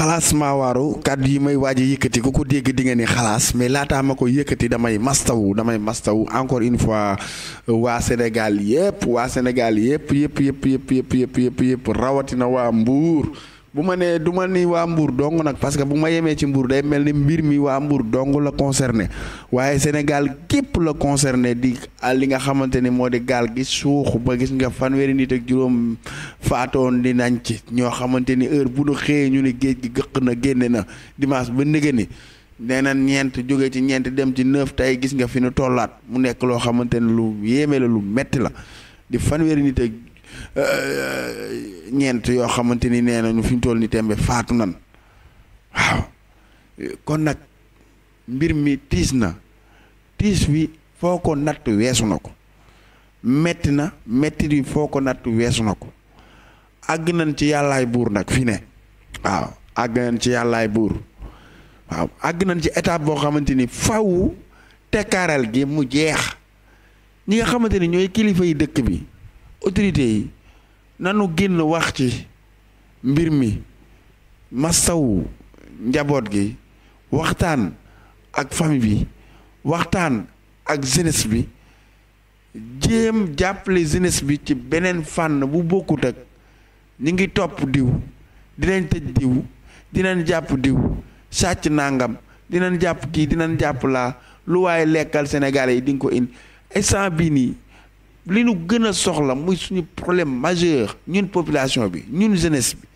xalaas ma waaru kàddu yi may waaj a yëkkati ku ko dégg di nga ni xalaas mais laataa ma ko yëkkati damay mastawu damay mastawu encore une fois euh, waa Sénégal yëpp waa Sénégal yëpp yëpp yëpp yëpp yëpp yëpp yëpp rawatina waa Mbuur bu ma nee du ma ni waa Mbour dong nag parce que bu ma yemee ci mbuur day mel ni mbir mi waa Mbour dong la concerné waaye Sénégal képp la concerné di li nga xamante ni moo di gaal gi suux ba gis nga fanweeri nit ak juróom faatoon di nañ ci ñoo xamante ni heure bu nu xëyee ñu ni géej gi gëkk na génne na dimanche ba ndege ni nee na ñeent jóge ci ñeent dem ci neuf tey gis nga fi nu tollaat mu nekk loo xamante ni lu yéeme la lu metti la di fanweeri nit ak Euh, euh, ñeent yoo xamante ni nee nañu fi ñu toll ni tembe faatu nan waaw kon nag mbir mi tiis na tiis wi foo ko natt weesu na ko metti na mettit wi foo ko natt weesu na ko àgg nañ ci yàllaay buur nag fi ne waaw àgg nañ ci yàllaay buur waaw àgg nañ ci étape boo xamante ni faw tekkaaral gi mu jeex ñi nga xamante ni ñooy kilifa yi dëkk bi autorité yi nanu génn wax ci mbir mi mastawu njaboot gi waxtaan ak famille bi waxtaan ak jeunesse bi jéem jàppale jeunesse bi ci beneen fànn bu bokkut ak ñi ngi topp diw dinañ tëj diw dinañ jàpp diw sàcc nangam dinañ jàpp kii dinañ jàpp laa lu waaye lekkal Sénégalais yi di nga ko indi instant bii nii li nu gën a soxla muy suñu problème majeur ñun population bi ñun jeunesse bi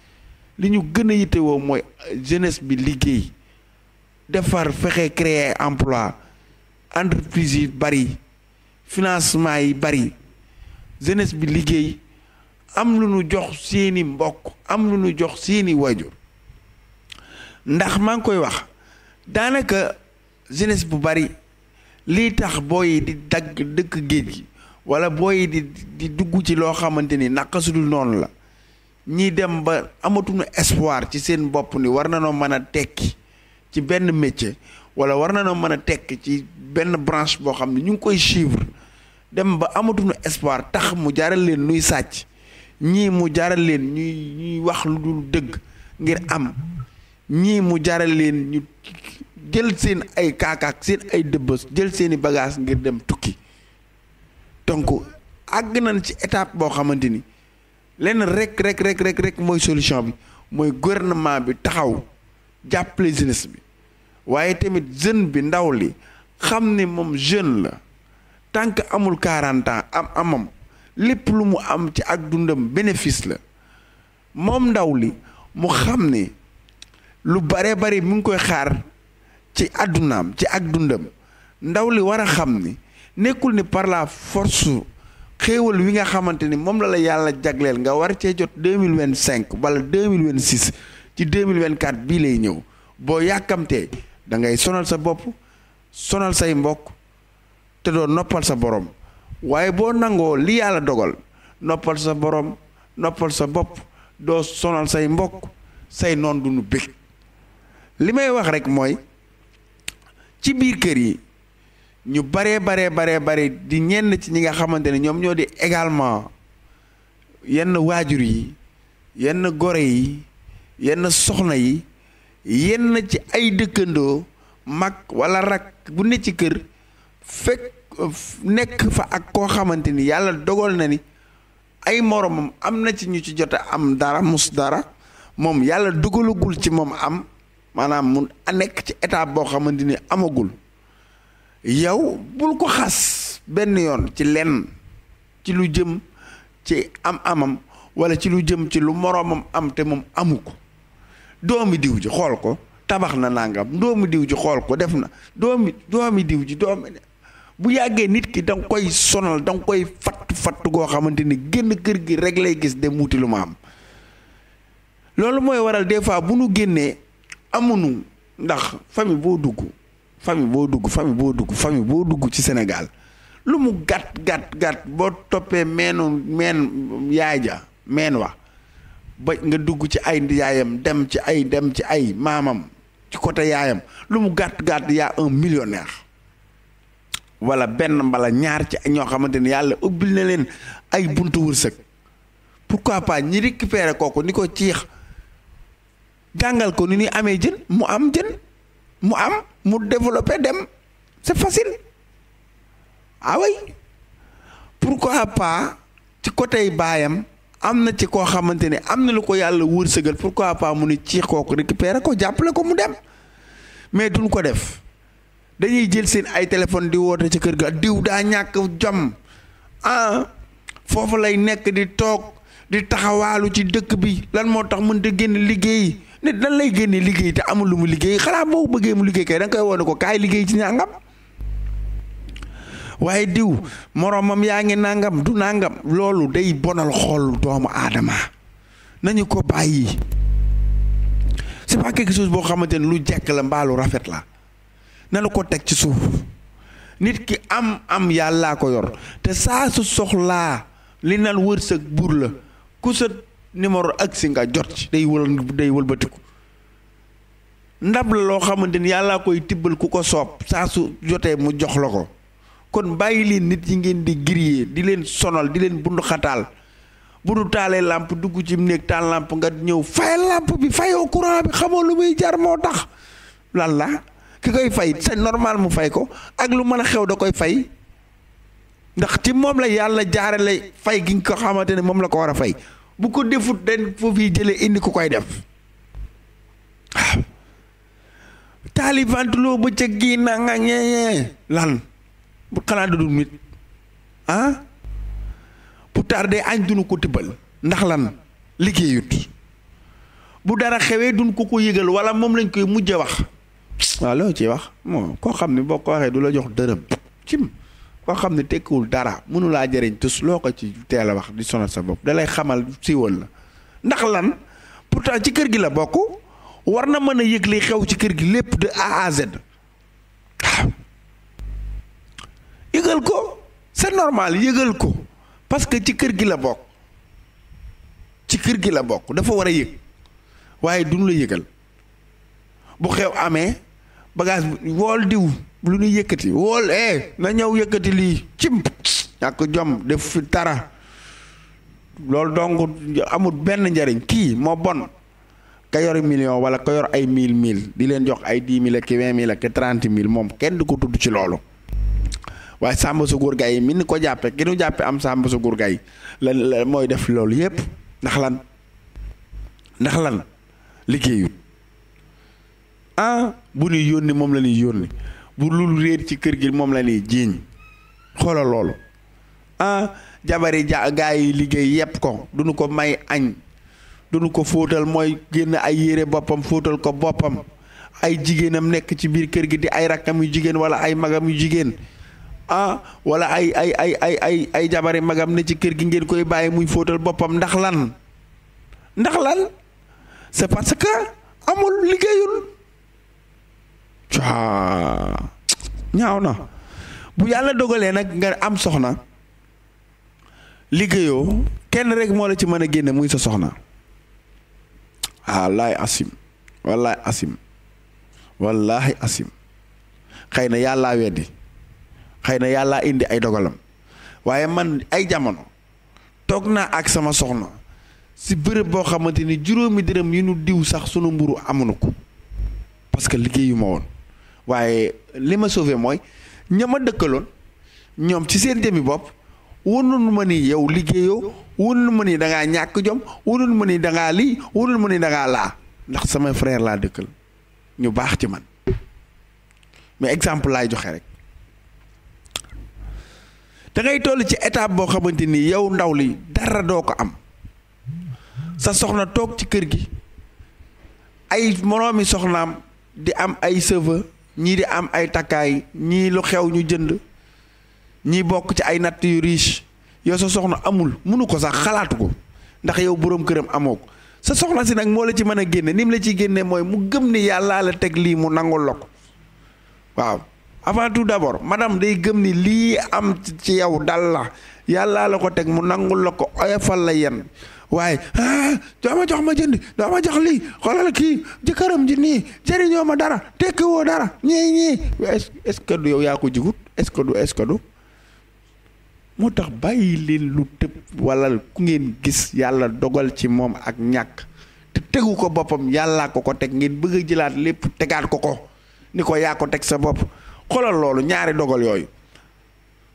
li ñu gën a yittewoo mooy jeunesse bi liggéey defar fexe créer emploi entreprise yi bari financement yi bari jeunesse bi liggéey am lu ñu jox seeni mbokk am lu ñu jox seeni waajur ndax maa ngi koy wax daanaka jeunesse bu bari liy tax booy di dagg dëkk géej gi wala booy di di dugg ci loo xamante ni naka noonu la ñii dem ba amatuñu espoir ci seen bopp ni war na noo mën a tekki ci benn métier wala war na mën a tekki ci benn branche boo xam ne ñu ngi koy suivre dem ba amatuñu espoir tax mu jaaral leen nuy sàcc ñii mu jaaral leen ñuy ñuy wax lu dul dëgg ngir am ñii mu jaaral leen ñu jël seen ay kaakaak seen ay dëbbës jël seeni bagage ngir dem tukki donc àgg nañ ci étape boo xamante ni lenn rek rek rek rek rek mooy solution bi mooy gouvernement bi taxaw jàppale jeunesse bi waaye tamit jeune bi ndaw li xam ne moom jeune la tant que amul 40 ans am amam lépp lu mu am ci ak dundam bénéfice la moom ndaw li mu xam ni lu bare bare mu ngi koy xaar ci àddunaam ci ak dundam ndaw li war a xam ni nekkul ni par la force xéewal wi nga xamante ni moom la la yàlla jagleel nga war cee jot deux mille vingt cinq wala deux mille vingt six ci deux mille vingt quatre bii lay ñëw boo yàkkamtee da ngay sonal sa bopp sonal say mbokk te doo noppal sa borom waaye boo nangoo li yàlla dogal noppal sa borom noppal sa bopp doo sonal say mbokk say noon du nu li may wax rek mooy ci biir kër yi ñu baree baree baree bare di ñenn ci ñi nga xamante ne ñoom ñoo di également yenn waajur yi yenn gore yi yenn soxna yi yenn ci ay dëkkandoo mag wala rak bu ne ci kër fekk nekk fa ak koo xamante ni yàlla dogal na ni ay moromam am na ci ñu ci jot am dara mus dara moom yàlla dogalagul ci moom am maanaam mu nekk ci état boo xamante ni amagul yow bul ko xas benn yoon ci lenn ci lu jëm ci am amam wala ci lu jëm ci lu moroomam am te moom amu ko doomi diw ji xool ko tabax na nangam doomi diw ji xool ko def na doomi doomi diw ji doomi bu yàggee nit ki da koy sonal da nga koy fatt fatt goo xamante ni génn kër gi rek lay gis dem wuti lu ma am loolu mooy waral des fois bu nu génnee amunu ndax famille boo dugg famille boo dugg famille boo dugg famille boo dugg ci Sénégal lu mu gàtt gàtt gàtt boo toppee meenu meen yaay ja meen wa ba nga dugg ci ay yaayam dem ci ay dem ci ay maamam ci côté yaayam lu mu gàtt gàtt yaa un millionnaire wala benn mbala ñaar ci ñoo xamante ni yàlla ubbil na leen ay buntu wërsëg pourquoi pas ñi récupérer kooku ni ko ciix jàngal ko ni ñuy amee jën mu am jën mu am mu développer dem c'est facile ah oui pourquoi pas ci côté baayam am na ci koo xamante ne am na lu ko yàlla wërsëgal pourquoi pas mu ne ci kooku récupérer ko jàppale ko mu dem mais duñ ko def dañuy jël seen ay téléphone di woote ci kër ga diw daa ñàkk jom ah foofu lay nekk di toog di taxawaalu ci dëkk bi lan moo tax mën te génn liggéey nit nan lay génnee liggéey te amul lu mu liggéey xanaa boo bëggee mu liggéey kay da koy woone ko kaay liggéey ci ñàngam waaye diw moroomam yaa ngi nàngam du nàngam loolu day bonal xol doomu aadama nañu ko bàyyi c'est pas quelque chose boo xamante ne lu jekk la mbaa rafet la na la ko teg ci suuf nit ki am am yàllaa ko yor te saa su soxlaa li nan wërsëg buur la ku numéro agsi nga jot ci day wal day wëlbatiku ndab la loo xamante ni yàllaa koy tibbal ku ko soob saa su jotee mu jox la ko kon bàyyi leen nit yi ngeen di griller di leen sonal di leen bunduxataal xataal bu làmp dugg ci néeg taal làmp nga ñëw fay làmp bi fayoo courant bi xamoo lu muy jar moo tax lan la ki koy fay c'est normal mu fay ko ak lu mën a xew da koy fay ndax ci moom la yàlla jaare lay fay gi nga ko xamante ne moom la ko war a fay bu ko defut dañ foofu yi jële indi ko koy def waaw ah. taalifantuloo bëccëg gii na nga ñeeñee lan bu xanaa du nit ah bu tardé añ duñu ko tibbal ndax lan liggéeyut bu dara xewee duñ ko ko yëgal wala moom lañ koy mujj wax waaw loo ci wax moom koo xam ne boo ko waxee du la jox dërëm cim koo xam ne tekkiwul dara mënulaa jëriñ tus loo ko ci teel a wax di sonal sa bopp dalay xamal siiwal la ndax lan pourtant ci kër gi la bokk war na mën a yëg li xew ci kër gi lépp de A à Z waaw yëgal ko c'est normal yëgal ko parce que ci kër gi la bokk ci kër gi la bokk dafa war a yëg waaye duñ la yëgal bu xew amee bagage wool diw lu ñuy yëkkati wóol eh na ñëw yëkkati lii cimp ñàkk jom def fi tara loolu donc amut benn njariñ kii moo bon ka yor million wala ka yor ay mille mille di leen jox ay dix mille ak vingt mille ak trente mille moom kenn du ko tudd ci loolu waaye sàmba su góor gay yi mi ni ko jàppe ki nu jàppe am sàmba su gay lan la mooy def loolu yépp ndax lan ndax lan liggéeyut ah bu ñuy yónni moom la ñuy yónni bu lul réer ci kër gi moom la ñuy jiiñ xoolal loolu ah jabari gaa yi liggéey yépp ko duñu ko may añ duñu ko fóotal mooy génn ay yére boppam fóotal ko boppam ay jigéenam nekk ci biir kër gi di ay rakkam yu jigéen wala ay magam yu jigéen ah wala ay ay ay ay ay ay jabari magam ne ci kër gi ngeen koy bàyyi muy fóotal boppam ndax lan ndax lan c'est parce que amul liggéeyul ñaaw na bu yàlla dogalee nag nga am soxna liggéeyoo kenn rek moo la ci mën a génne muy sa soxna wallaay asim wallaay asim wallahi asim xëy na yàllaa weddi xëy na yàllaa indi ay dogalam waaye man ay jamono toog naa ak sama soxna si bërëb boo xamante ni juróomi dërëm yi nu diw sax sunu mburu amuñu ko parce que liggéeyu ma woon waaye li ma sauvé mooy ña ma dëkkaloon ñoom ci seen jëmmi bopp wunul ma ni yow liggéeyoo wunul ma ni da ñàkk jom wunul ma ni dangaa ngaa lii wunul ma ni dangaa laa ndax samay frère laa dëkkal ñu baax ci man mais exemple laay joxe rek dangay ngay toll ci étape boo xamante ni yow ndaw li dara doo ko am sa soxna toog ci kër gi ay moroomi soxnaam di am ay cheveux ñii di am ay takkaay ñii lu xew ñu jënd ñii bokk ci ay natt yu riche yow sa soxna amul mënu ko sax xalaatu ko ndax yow boroom këram amoo ko sa soxna si nag moo la ci mën a génne nim la ciy génne mooy mu gëm ni yàllaa la teg lii mu nangu la waaw avant tout d'abord madame day gëm ni lii am ci yow dal la yàllaa la ko teg mu nangul la ko oyofal la yenn waaye ah, doo ma jox ma jënd doo ma jox lii xoolal kii jëkkëram ji nii jëriñoo ma dara tekki dara ñii ñii est-ce que du yow yaa ko jigut est-ce moo tax bàyyi leen lu tëb walla ku ngeen gis yàlla dogal ci moom ak ñàkk te tegu ko boppam yàllaa ko ko teg ngeen bëgg a jëlaat lépp tegaat ko ko ni ko yaa ko teg sa bopp xoolal loolu ñaari dogal yooyu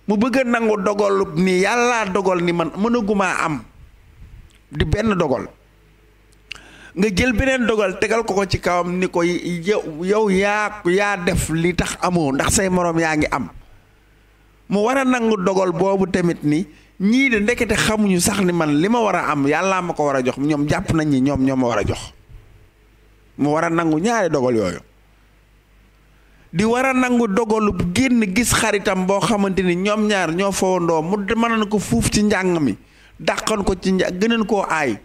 mu bëgg a nangu dogal ni yàllaa dogal ni man mënagumaa am di benn dogal nga jël beneen dogal tegal ko ko ci kawam ni ko yow yaa yaa def li tax amoo ndax say moroom yaa ngi am mu war a nangu dogal boobu tamit ni ñii de ndekete xamuñu sax ni man li ma war a am yàllaa ma ko war a jox ñoom jàpp nañ ñoom ñoo ma war a jox mu war a nangu ñaari dogal yooyu di war a nangu dogalu génn gis xaritam boo xamante ni ñoom ñaar ñoo fowandoo mu mën na ko fuuf ci njàng mi dàqan ko ci nja gënoon koo aay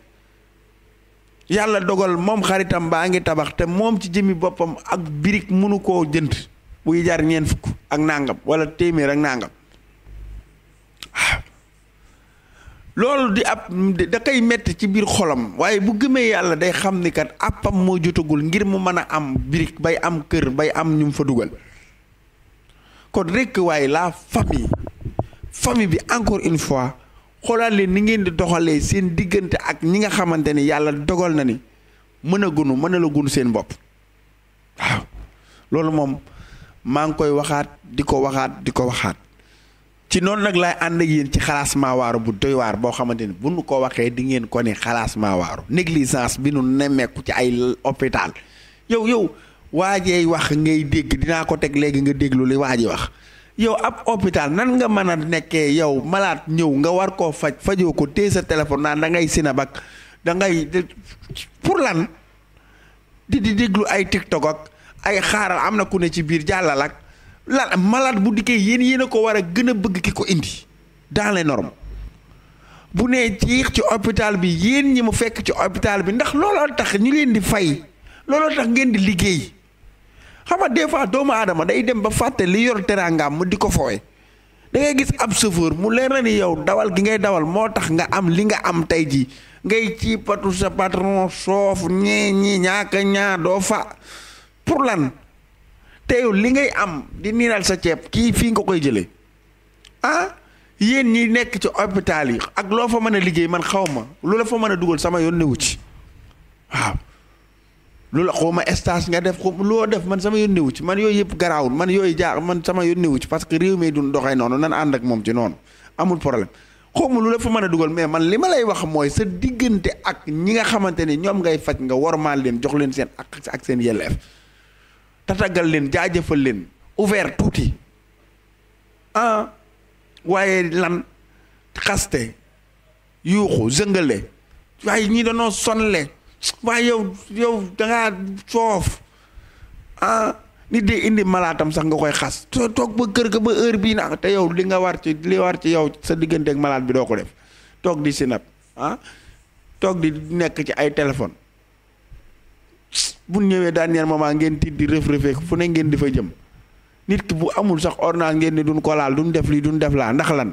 yàlla dogal moom xaritam baa ngi tabax te moom ci jëmi boppam ak birig mënu koo jënd buy jar ñeent ko ak nangam wala téeméer ak nangam ah. loolu di ab da koy metti ci biir xolam waaye bu gëmee yàlla day xam ni kat àppam moo jutagul ngir mu mën a am birig bay am kër bay am ñu fa dugal kon rekk waaye la famille famille bi encore une fois xoolaat leen ni ngeen di doxalee seen diggante ak ñi nga xamante ni yàlla dogal na ni mën a gunu mën a la gunu seen bopp waaw loolu moom maa ngi koy waxaat di ko waxaat di ko waxaat ci noonu nag laay ànd ak yéen ci xalaas maawaaru bu doy waar boo xamante ni bu nu ko waxee di ngeen ko ne xalaas maawaaru négligence bi nu nemmeeku ci ay hôpital yow yow waajee wax ngay dégg dinaa ko teg léegi nga déglu li waaj wax yow ab hôpital nan nga mën a nekkee yow malaat ñëw nga war koo faj fajoo ko téye sa téléphone naan da ngay sinabak da ngay pour lan di di déglu ay tiktok ak ay xaaral am na ku ne ci biir jàllal ak lan malade bu dikkee yéen yéen a ko war a gën a bëgg ki ko indi daale norm bu nee ciix ci hôpital bi yéen ñi mu fekk ci hôpital bi ndax looloo tax ñi leen di fay looloo tax ngeen di liggéey xam nga des fois doomu aadama day dem ba fàtte li yor teraangaam mu di ko fooye da ngay gis ab chauffeur mu leer na ni yow dawal gi ngay dawal moo tax nga am li nga am tey jii ngay ci patu sa patron soof ñee ñii ñaaka ñaa doo fa pour lan te yow li ngay am di niinal sa ceeb kii fii nga koy jëlee ah yéen ñi nekk ci hôpital yi ak loo fa mën a liggéey man xaw ma lu la fa mën a dugal sama yoon newu ci waaw lu la xaw ma stage nga def xaw loo def man sama yónnewu ci man yooyu yëpp garaawul man yooyu jaar man sama yónnewu ci parce que réew mi duñ doxee noonu nan ànd ak moom ci noonu amul problème xaw ma lu la fa man a dugal mais man li ma lay wax mooy sa diggante ak ñi nga xamante ni ñoom ngay faj nga warmaal leen jox leen seen ak ak seen yelleef tatagal leen jaajëfal leen ouvert tuuti ah waaye lan xaste yuuxu zëngale waaye ñi danoo sonle waaye yow yow dangaa soof ah nit di indi malaatam sax nga koy xas soo toog ba kër ga ba heure bii na te yow li nga war ci li war ci yow sa diggante ak malaat bi doo ko def toog di sinap ah toog di nekk ci ay téléphone bu ñëwee dernier moment ngeen tiit di rëf-rëfee fu ne ngeen di fa jëm nit ki bu amul sax ordonnance ngeen ni duñ ko laal duñ def lii duñ def laa ndax lan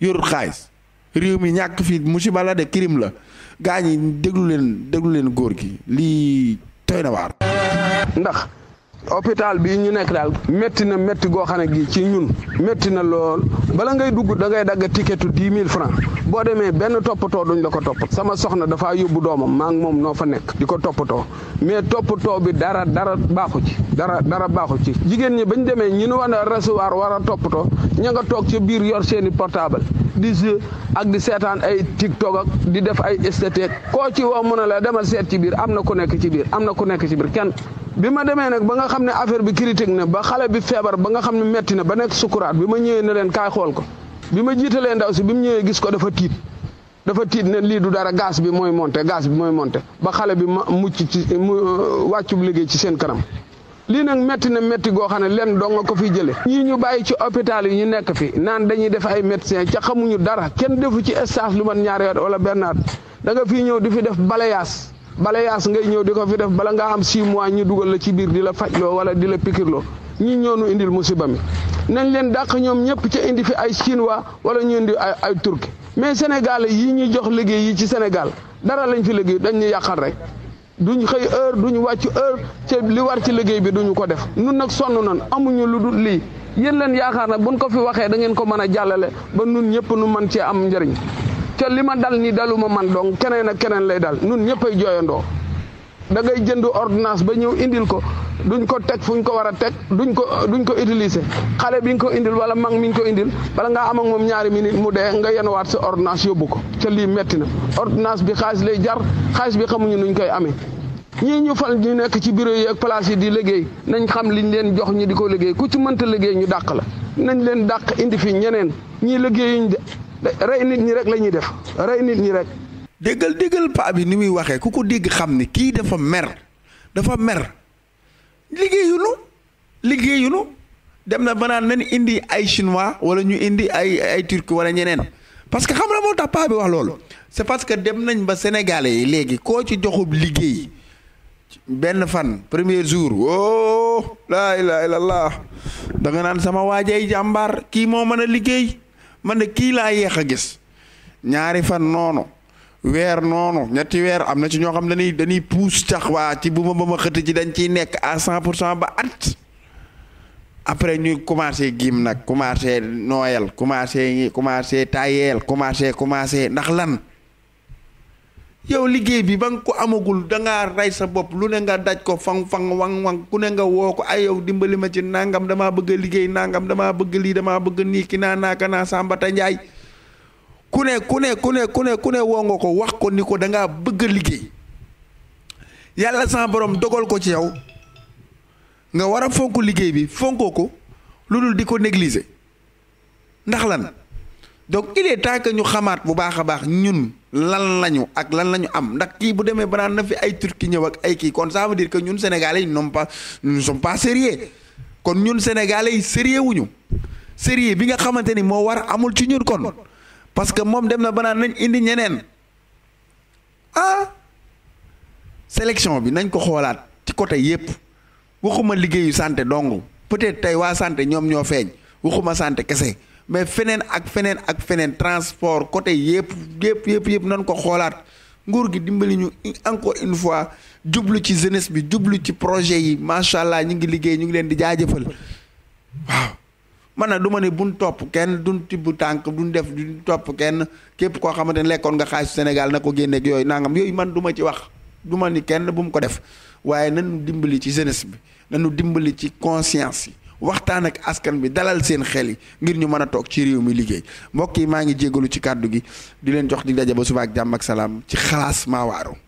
yorut xaalis réew mi ñàkk fii musiba la de crime la gaa ñi déglu leen déglu leen góor gi lii tooy na waar. ndax. hôpital bi ñu nekk daal métti na métti goo xam ne gi ci ñun métti na lool bala ngay dugg da ngay dagg tiketu dix mille francs boo demee benn toppatoo duñ la ko topp sama soxna dafaa yóbbu doomam maa moom noo fa nekk di ko toppatoo mais toppatoo bi dara dara baaxu ci dara dara baaxu ci jigéen ñi bañ demee ñu ne war na recevoir war a toppatoo ña nga toog ca biir yor seeni portable di jeu ak di seetaan ay tiktok ak di def ay esthétique koo ci woo mun a la demal seet ci biir am na ku nekk ci biir am na ku nekk ci biir kenn bi ma demee nag ba nga xam ne affaire bi critique na ba xale bi feebar ba nga xam ne metti na ba nekk sukuraat bi ma ñëwee ne leen kaay xool ko bi ma jiitalee ndaw si bi mu ñëwee gis ko dafa tiit dafa tiit ne lii du dara gaz bi mooy monte gaz bi mooy monté ba xale bi ma mucc ci mu euh, wàccub liggéey ci seen kanam lii nag métti na métti goo xam ne lenn doo ko fi jële ñii ñu bàyyi ci hôpital yi ñu nekk fi naan dañuy def ay médecin ca xamuñu dara kenn defu ci stage lu man ñaari at wala benn da nga fii ñëw di fi def balayage balayaas ngay ñëw di ko fi def bala ngaa am six mois ñu dugal la ci biir di la fajloo wala di la pikirloo ñoo ñoonu indil musiba mi nañ leen dàq ñoom ñëpp ci indi fi ay chinois wala ñu indi ay ay turki mais sénégalais yi ñu jox liggéey yi ci senegal dara lañ fi liggéey dañ ñu yàqal rek duñ xëy heure duñ wàcc heure ca li war ci liggéey bi duñu ko def nun nag sonn nan amuñu lu dul lii yéen leen yaakaar nag bu buñ ko fi waxee da ngeen ko mën a jàllale ba nun ñëpp nu mën cee am njëriñ te li ma dal dalu ma man dong keneen ak keneen lay dal nun ñëpp ay jooyandoo da ngay jënd ordonnance ba ñëw indil ko duñ ko teg fu fuñ ko war a teg duñ ko duñ ko utiliser xale bi ñu ko indil wala mag mi ñu ko indil bala ngaa am moom ñaari minute mu dee nga waat sa ordonnance yóbbu ko te lii metti na ordonnance bi xaalis lay jar xaalis bi xamuñu nuñ koy amee ñii ñu fal ñu nekk ci bureau yi ak yi di liggéey nañ xam liñ leen jox ñi di ko liggéey ku ci mënta liggéey ñu dàq la nañ leen dàq indi fi ñeneen ñii liggéeyuñ de rey nit ñi rek la ñuy def rey nit ñi rek. déggal déggal pa bi ni muy waxee ku ko dégg xam ni kii dafa mer dafa mer liggéeyulu liggéeyulu dem na ba naan nañ indi ay chinois wala ñu indi ay ay turki wala ñeneen parce que xam na moo tax paa bi wax loolu c'est parce que dem nañ ba sénégalais yi léegi koo ci joxub liggéey benn fan premier jour oh laa ilaha illallah da nga naan sama waajay jàmbaar kii moo mën a liggéey. man de kii laa yéex a gis ñaari fan noonu weer noonu ñetti weer am na si ñoo xam dañuy dañuy puus cax waa ci bu ma ba ma xëtt ci dañ ciy nekk à cent pour cent ba at après ñuy commencé gim nag commencé nooyal commencé commencé taayeel commencé commencé ndax lan yow liggéey bi ba nga ko amagul danga rey sa bopp lu ne nga daj ko fan fan wang wang ku ne nga woo ko ay yow dimbali ma ci nangam damaa bëgg liggéey nangam damaa bëgg lii damaa bëgg nii ki naa naaka naa sàmbata njaay ku ne ku ne ku ne ku ne ku ne woo nga ko wax ko ni ko danga bëgg liggéey yàlla sa borom dogal ko ci yow nga war a fonk liggéey bi fonkoo ko lu dul di ko négliger ndax lan donc il est temps que ñu xamaat bu baax a baax ñun lan lañu ak lan lañu am ndax kii bu demee banaan na fi ay turki ñëw ak ay kii kon ça veut dire que ñun sénégalais yi non pas pas sérieux kon ñun sénégalais yi sérieux wuñu sérieux bi nga xamante ni moo war amul ci ñun kon parce que moom dem na banaan nañ indi ñeneen ah sélection bi nañ ko xoolaat ci côté yépp waxuma liggéeyu santé dong peut-être tey waa sante ñoom ñoo feeñ waxuma santé kese mais feneen ak feneen ak feneen transport côté yëpp yëpp yëpp yëpp nañ ko xoolaat nguur gi dimbali ñu encore une fois jublu ci jeunesse bi jublu ci projet yi macha allah ñu ngi liggéey ñu ngi leen di jaajëfal waaw man na du ma buñ topp kenn duñ tibb tànk duñ def duñ topp kenn képp koo xamante ne lekkoon nga xaalisu Sénégal na ko génne yooyu nangam yooyu man duma ci wax du ma ni kenn bu ko def waaye nañu dimbali ci jeunesse bi nañu dimbali ci conscience yi waxtaan ak askan bi dalal seen xel yi ngir ñu mën a toog ci réew mi liggéey mbokk yi maa ngi jégalu ci kàddu gi di leen jox di daje ba suba ak jàmm ak salaam ci xalaas maa